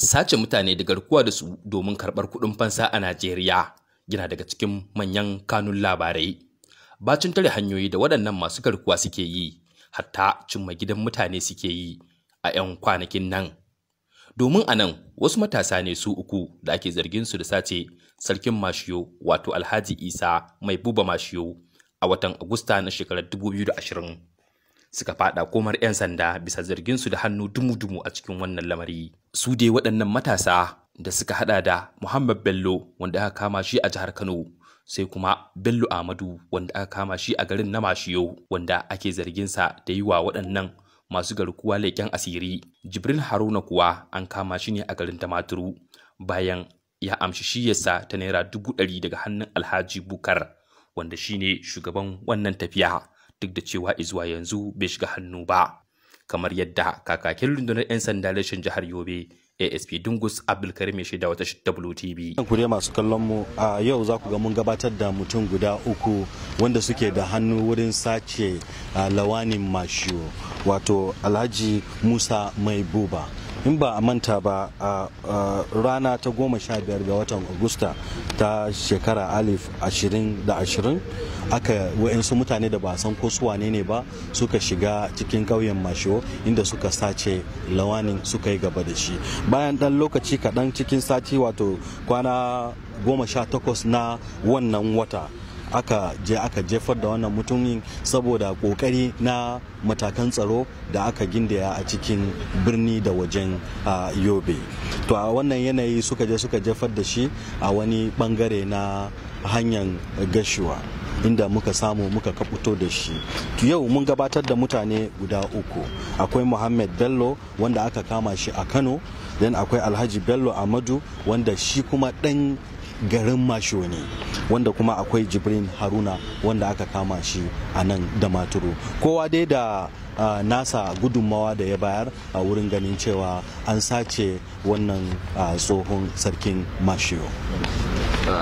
sace mutane da garkuwa da su domin karɓar kuɗin fansa a Najeriya gina daga cikin manyan kanun labarai. Bacin tare hanyoyi da waɗannan masu garkuwa suke yi, hatta cimma gidan mutane suke yi a 'yan kwanakin nan. Domin a nan wasu matasa ne su uku da ake zargin su da sace sarkin mashiyo wato Alhaji Isa mai buba mashiyo a watan Agusta na shekarar 2020. suka fada komar 'yan sanda bisa zargin su da hannu dumu-dumu a cikin wannan lamari. Su dai waɗannan matasa da suka hada da Muhammad Bello wanda aka kama shi a jihar Kano sai kuma Bello Ahmadu wanda aka kama shi a garin Namashiyo wanda ake zarginsa da yi wa waɗannan masu garkuwa leƙen asiri. Jibril Haruna kuwa an kama shi ne a garin Tamaturu bayan ya amshi shiyarsa ta naira dubu ɗari daga hannun Alhaji Bukar wanda shine shugaban wannan tafiya. duk da cewa izuwa yanzu bai shiga hannu ba kamar yadda kakakin rundunar 'yan sanda rashin jihar yobe asp dungus abdulkarim ya shaida wata wtb ku dai masu kallon mu a yau za ku ga mun gabatar da mutum guda uku wanda suke da hannu wurin sace lawanin mashiyo wato alhaji musa mai buba in ba a manta ba a rana ta goma sha biyar ga watan agusta ta shekara alif ashirin da ashirin aka wa'insu mutane da ba san ko su wane ne ba suka shiga cikin ƙauyen mashiwo inda suka sace lawanin suka yi gaba da shi bayan ɗan lokaci kaɗan cikin sati wato kwana goma sha takwas na wannan wata aka je aka jefar da wannan mutumin saboda kokari na matakan tsaro da aka gindaya a cikin birni da wajen yobe to a wannan yanayi suka je suka jefar da shi a wani bangare na hanyar gashuwa inda muka samu muka kafuto da shi yau mun gabatar da mutane guda uku akwai muhammad bello wanda aka kama shi a kano dan akwai alhaji bello amadu wanda shi kuma ɗan. garin mashoni wanda kuma akwai jibrin haruna wanda aka kama shi a nan da maturu kowa dai da nasa gudunmawa da ya bayar a uh, wurin ganin cewa an sace wannan tsohon sarkin mashiyo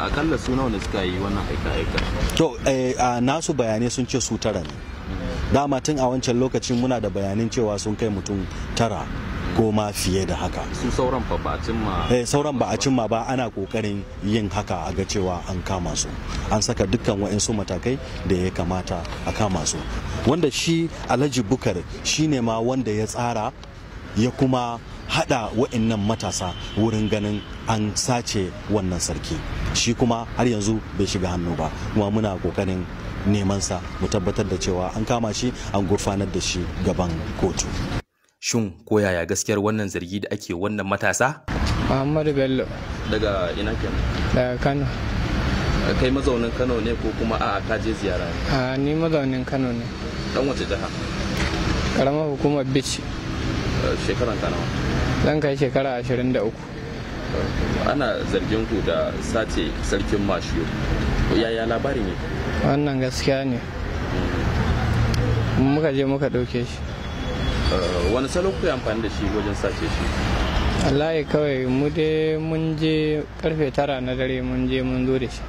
akalla suna wanda suka yi wannan aika-aika to eh, nasu bayanai sun ce su tara ne dama tun a wancan lokacin muna da bayanin cewa sun kai mutum tara ko ma fiye da haka su sauran ba a cimma eh, sauran ba a ba ana kokarin yin haka a ga cewa an kama su an saka dukkan wa'insu matakai da ya kamata a kama su wanda shi alhaji bukar shi ne ma wanda ya tsara ya kuma hada wa'annan matasa wurin ganin an sace wannan sarki shi kuma har yanzu bai shiga hannu ba kuma muna kokarin nemansa mu tabbatar da cewa an kama shi an gurfanar da shi gaban kotu Shin ko yaya gaskiyar wannan zargi da ake wannan matasa? Muhammadu Bello. Daga ina kenan? Daga Kano. Kai mazaunin Kano ne ko kuma a ka je ziyara ne? A ni mazaunin Kano ne. Dan wace jiha? Karamar hukumar Bichi. Shekaran Kano. Zan kai shekara ashirin da uku. Ana zargin ku da sace sarkin mashiyo. Yaya labari ne? Wannan gaskiya ne. Mm. Muka je muka ɗauke shi. Eh, wani salo kuka amfani da shi wajen sace shi ya kawai mu dai mun je karfe tara na dare mun je mun zo da shi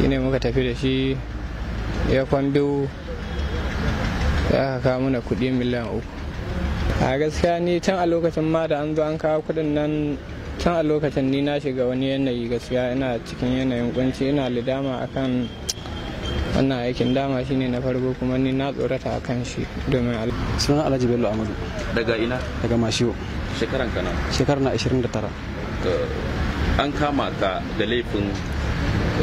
shine muka tafi da shi ya kwando ya kawo mana kuɗi miliyan uku a gaskiya ni can a lokacin ma da an zo an kawo kuɗin nan can a lokacin ni na shiga wani yanayi gaskiya ina cikin yanayin kunci ina lidama akan wannan aikin dama shine na farko kuma ni na tsorata a kan shi domin sunan alhaji bello amadu daga ina daga mashiwo shekaran kana shekara na 29 an kama ka da laifin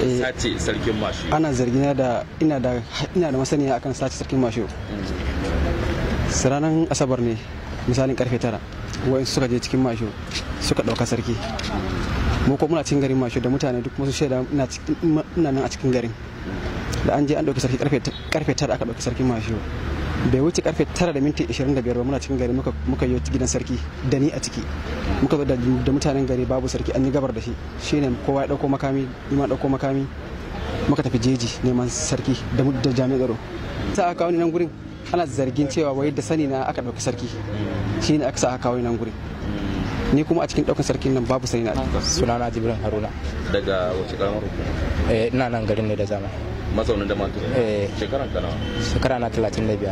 eh, sace sarkin mashi ana zargina da ina da ina da masaniya akan sace sarkin mashi siranan mm. asabar ne misalin karfe tara wa'in suka je cikin mashi suka ɗauka sarki mm. mu ko muna cikin garin mashi da mutane duk masu shaida ina nan a cikin garin da an je an ɗauki sarki karfe tara aka ɗauki sarki mashiyo bai wuce karfe tara da minti ishirin 25 ba muna cikin gari muka yi gidan sarki da ni a ciki muka zo da mutanen gari babu sarki an yi gabar da shi shine kowa ya ɗauko makami ima ɗauko makami muka tafi jeji neman sarki da jami'an tsaro sa aka kawo ni nan gurin ana zargin cewa wai da sani na aka ɗauki sarki shine aka sa aka kawo ni nan gurin ni kuma a cikin ɗaukan sarkin nan babu sani na sunana jibrin haruna daga wace karamar hukuma eh ina nan garin ne da zama mazaunin da matu eh. shekaran kana shekara na 35 eh,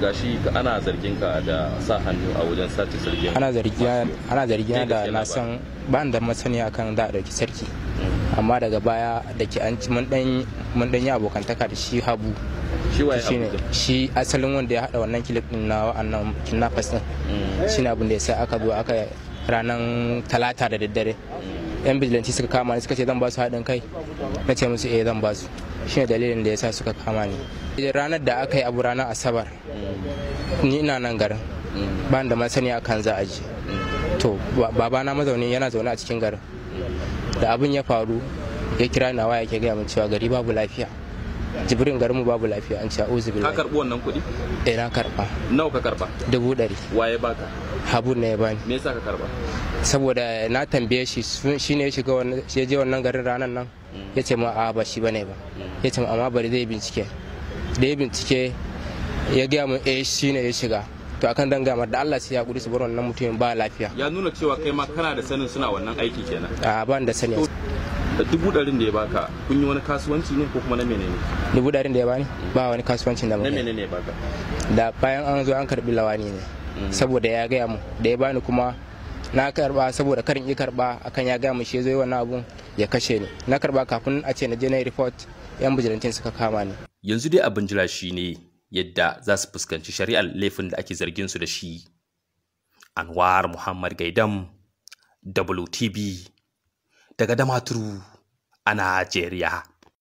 gashi ana zargin ka da sa hannu a wajen sace sarki ana zargi ana zargi da na san ba da masani akan da dauki sarki mm. amma daga baya da ke an ci mun dan yi abokantaka da shi habu shi ne shi asalin wanda ya hada wannan kilip din na wa'annan kidnappers din mm. shi ne abin da ya sa aka zo aka ranar talata da daddare mm. yan bijilanci suka kama ni suka ce zan ba su haɗin kai na ce musu eh zan ba su shi ne dalilin da ya sa suka kama ni ranar da aka yi abu ranar asabar ni ina nan garin ba da masani akan za a ji to babana mazauni yana zaune a cikin garin da abin ya faru ya kira nawa ya ke gaya min cewa gari babu lafiya jibrin garinmu babu lafiya an ce uzu bilai ka karbi wannan kuɗi eh na karba nawa ka karba dubu ɗari waye baka habu ne ya bani me yasa ka karba saboda na tambaye shi shine ya shiga ya je wannan garin ranar nan ya ce ma a ba shi bane ba ya ce ma amma bari zai bincike da ya bincike ya gaya mun a eh, shi ne ya shiga to akan dan gamar da Allah sai ya kudi su bar wannan mutumin ba lafiya ya nuna cewa kai ma kana da sanin suna wannan aiki kenan a ban da sani da dubu darin da ya baka kun yi wani kasuwanci ne ko kuma na menene dubu darin da ya bani ba wani kasuwanci da na menene ya baka da bayan an zo an karbi lawani ne mm. saboda ya gaya mu da ya bani kuma na karba saboda karin ya karba akan ya gaya mu shi zai zo wannan abun ya kashe ni na karba kafin a ce na je na report yan bijilantin suka kama ni yanzu dai abin jira ne yadda za su fuskanci shari'ar laifin da ake zargin su da shi anwar muhammad gaidam wtb daga damaturu a nigeria